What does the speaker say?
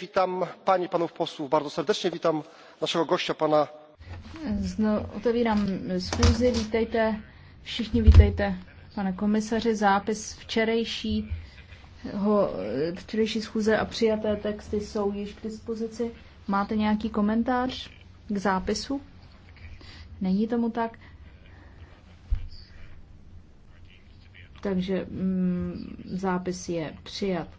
witam panie i panów posłów bardzo serdecznie witam naszego gościa pana. Znovu otevírám schůzi. Vítejte, všichni vítejte, pane komisaři. Zápis včerejšího, včerejší schůze a přijaté texty jsou již k dispozici. Máte nějaký komentář k zápisu? Není tomu tak. Takže mm, zápis je přijat.